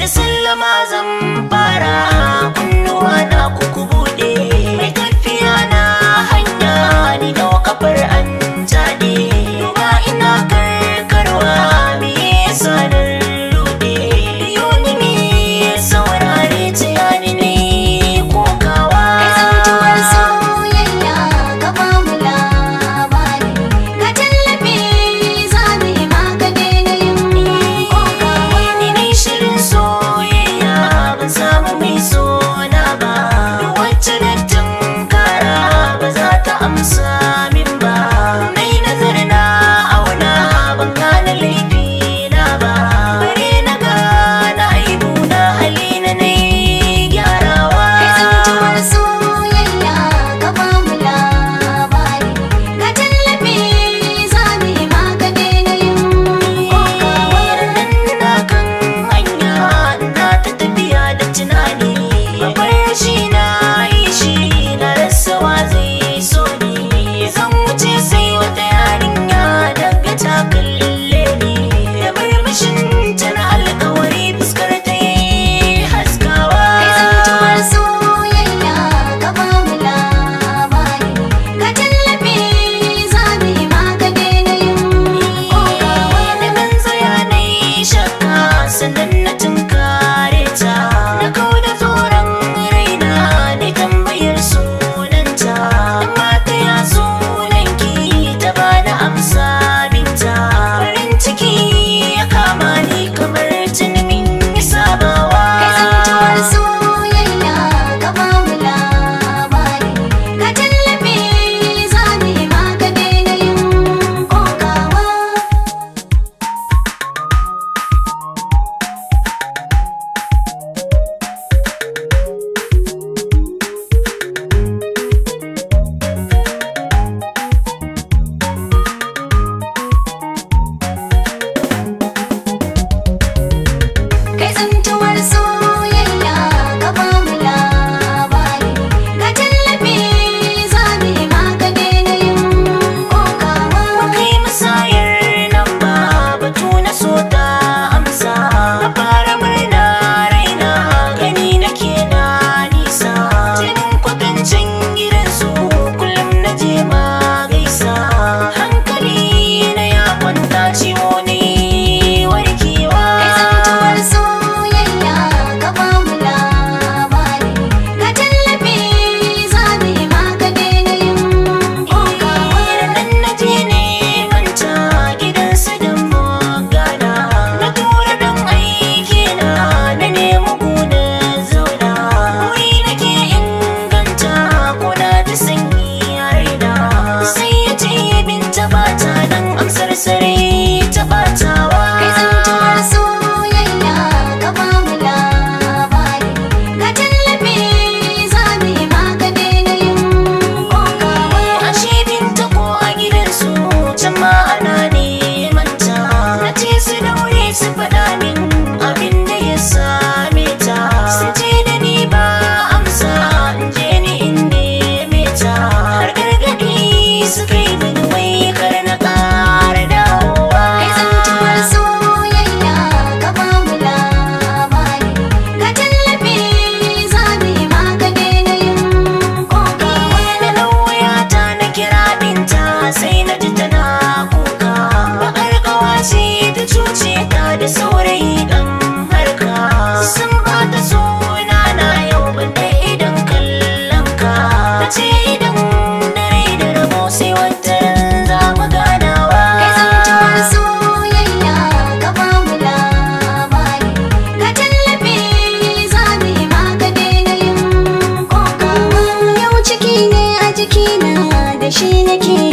da sallama zan city jikina da shi nake